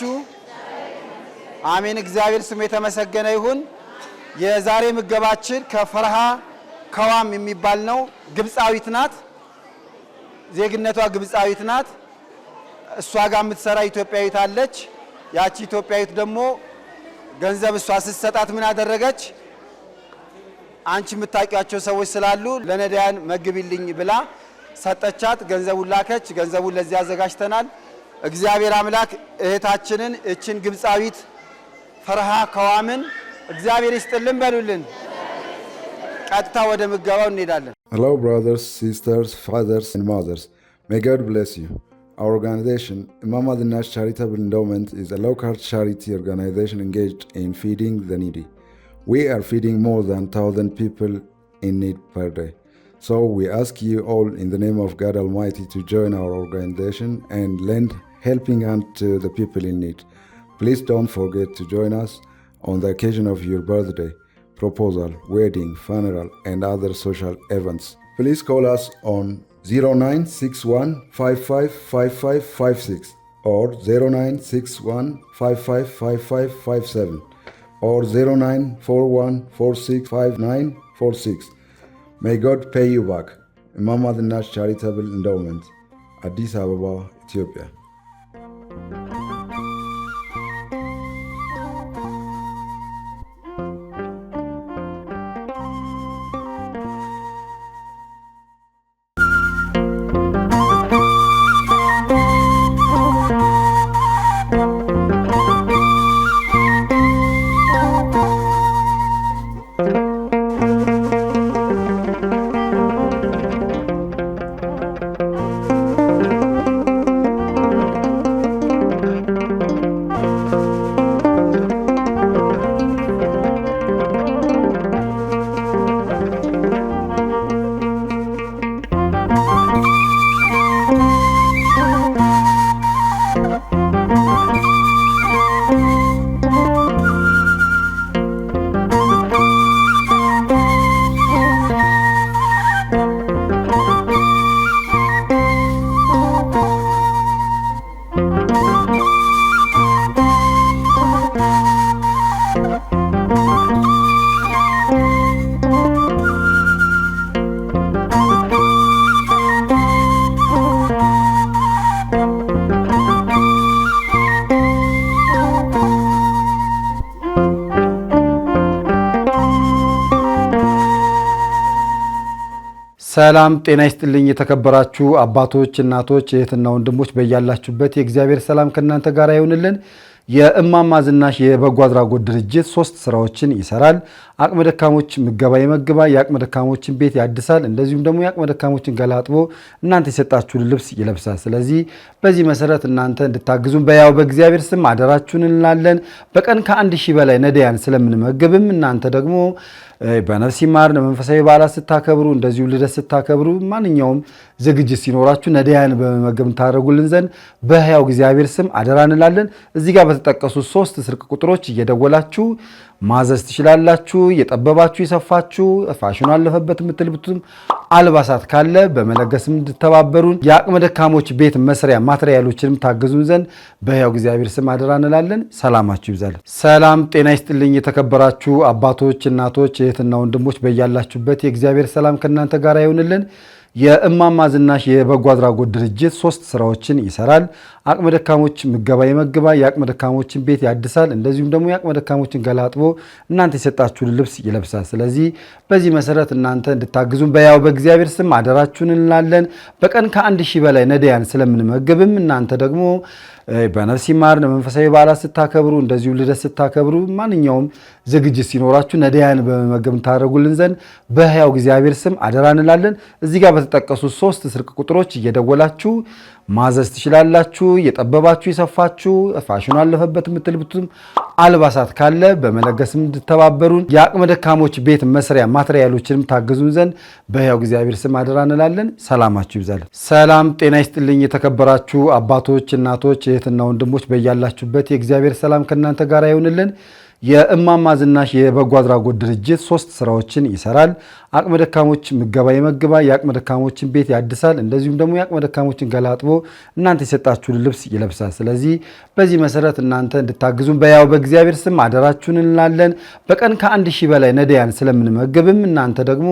ናችሁ? አሜን። እግዚአብሔር ስም የተመሰገነ ይሁን። የዛሬ ምገባችን ከፈርሃ ከዋም የሚባል ነው። ግብፃዊት ናት፣ ዜግነቷ ግብፃዊት ናት። እሷ ጋር የምትሰራ ኢትዮጵያዊት አለች። ያቺ ኢትዮጵያዊት ደግሞ ገንዘብ እሷ ስትሰጣት ምን አደረገች? አንቺ የምታውቂያቸው ሰዎች ስላሉ ለነዳያን መግቢልኝ ብላ ሰጠቻት። ገንዘቡን ላከች። ገንዘቡን ለዚህ አዘጋጅተናል። እግዚአብሔር አምላክ እህታችንን እችን ግብፃዊት ፈርሃ ከዋምን እግዚአብሔር ይስጥልን በሉልን። ቀጥታ ወደ ምገባው እንሄዳለን። ሄሎ ብራዘርስ ሲስተርስ ፋዘርስ ማዘርስ ሜይ ጋድ ዩ Our organization, Imam Adinash Charitable Endowment, is a local charity organization engaged in feeding the needy. We are feeding more than 1,000 people in need per day. So we ask you all, in the name of God Almighty, to join our organization and lend helping out the people in need. Please don't forget to join us on the occasion of your birthday, proposal, wedding, funeral, and other social events. Please call us on 0961 or 0961 or 0941465946. May God pay you back. Imam Adnan Charitable Endowment, Addis Ababa, Ethiopia. ሰላም ጤና ይስጥልኝ። የተከበራችሁ አባቶች፣ እናቶች፣ እህትና ወንድሞች በያላችሁበት የእግዚአብሔር ሰላም ከእናንተ ጋር ይሆንልን። የእማማ ዝናሽ የበጎ አድራጎት ድርጅት ሶስት ስራዎችን ይሰራል። አቅመ ደካሞች ምገባ ይመግባ፣ የአቅመ ደካሞችን ቤት ያድሳል፣ እንደዚሁም ደግሞ የአቅመ ደካሞችን ገላጥቦ እናንተ የሰጣችሁን ልብስ ይለብሳል። ስለዚህ በዚህ መሰረት እናንተ እንድታግዙን በያው በእግዚአብሔር ስም አደራችሁን እንላለን። በቀን ከአንድ ሺህ በላይ ነዳያን ስለምንመገብም እናንተ ደግሞ በነፍስ ይማር መንፈሳዊ በዓላት ስታከብሩ፣ እንደዚሁ ልደት ስታከብሩ፣ ማንኛውም ዝግጅት ሲኖራችሁ ነዳያን በመመገብ ታደረጉልን ዘንድ በህያው እግዚአብሔር ስም አደራ እንላለን። እዚህ ጋር በተጠቀሱ ሶስት ስልክ ቁጥሮች እየደወላችሁ ማዘዝ ትችላላችሁ። የጠበባችሁ የሰፋችሁ ፋሽኑ አለፈበት የምትልብቱም አልባሳት ካለ በመለገስ እንድተባበሩን የአቅመ ደካሞች ቤት መስሪያ ማትሪያሎችንም ታግዙን ዘንድ በሕያው እግዚአብሔር ስም አደራ እንላለን። ሰላማችሁ ይብዛል። ሰላም ጤና ይስጥልኝ። የተከበራችሁ አባቶች፣ እናቶች፣ እህትና ወንድሞች በያላችሁበት የእግዚአብሔር ሰላም ከእናንተ ጋር ይሆንልን። የእማማ ዝናሽ የበጎ አድራጎት ድርጅት ሶስት ስራዎችን ይሰራል። አቅመ ደካሞች ምገባ ይመግባል፣ የአቅመ ደካሞችን ቤት ያድሳል፣ እንደዚሁም ደግሞ የአቅመ ደካሞችን ገላጥቦ እናንተ የሰጣችሁን ልብስ ይለብሳል። ስለዚህ በዚህ መሰረት እናንተ እንድታግዙን በያው በእግዚአብሔር ስም አደራችሁን እንላለን። በቀን ከአንድ ሺህ በላይ ነዳያን ስለምንመገብም እናንተ ደግሞ በነፍስ ይማር መንፈሳዊ በዓላት ስታከብሩ፣ እንደዚሁ ልደት ስታከብሩ፣ ማንኛውም ዝግጅት ሲኖራችሁ ነዳያን በመመገብ ታደረጉልን ዘንድ በህያው እግዚአብሔር ስም አደራ እንላለን እዚህ ጋር በተጠቀሱ ሶስት ስልክ ቁጥሮች እየደወላችሁ ማዘዝ ትችላላችሁ። የጠበባችሁ የሰፋችሁ ፋሽኑ አለፈበት የምትልብቱም አልባሳት ካለ በመለገስ እንድተባበሩን የአቅመ ደካሞች ቤት መስሪያ ማትሪያሎችንም ታግዙን ዘንድ በሕያው እግዚአብሔር ስም አደራ እንላለን። ሰላማችሁ ይብዛለን። ሰላም ጤና ይስጥልኝ። የተከበራችሁ አባቶች፣ እናቶች፣ እህትና ወንድሞች በያላችሁበት የእግዚአብሔር ሰላም ከእናንተ ጋር ይሆንልን። የእማማ ዝናሽ የበጎ አድራጎት ድርጅት ሶስት ስራዎችን ይሰራል። አቅመ ደካሞች ምገባ ይመግባል። የአቅመ ደካሞችን ቤት ያድሳል። እንደዚሁም ደግሞ የአቅመ ደካሞችን ገላጥቦ እናንተ የሰጣችሁን ልብስ ይለብሳል። ስለዚህ በዚህ መሰረት እናንተ እንድታግዙን በያው በእግዚአብሔር ስም አደራችሁን እንላለን። በቀን ከአንድ ሺህ በላይ ነዳያን ስለምንመገብም እናንተ ደግሞ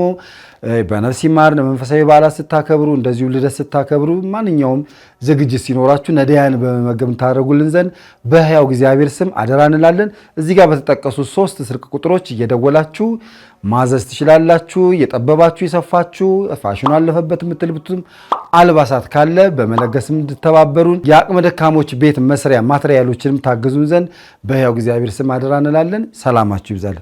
በነፍስ ይማር መንፈሳዊ በዓላት ስታከብሩ፣ እንደዚሁ ልደት ስታከብሩ፣ ማንኛውም ዝግጅት ሲኖራችሁ ነዳያን በመመገብ እንታደረጉልን ዘንድ በሕያው እግዚአብሔር ስም አደራ እንላለን። እዚህ ጋር በተጠቀሱ ሶስት ስልክ ቁጥሮች እየደወላችሁ ማዘዝ ትችላላችሁ። እየጠበባችሁ የሰፋችሁ ፋሽኑ አለፈበት የምትልብቱም አልባሳት ካለ በመለገስ እንድተባበሩን የአቅመ ደካሞች ቤት መስሪያ ማትሪያሎችንም ታግዙን ዘንድ በሕያው እግዚአብሔር ስም አደራ እንላለን። ሰላማችሁ ይብዛለን።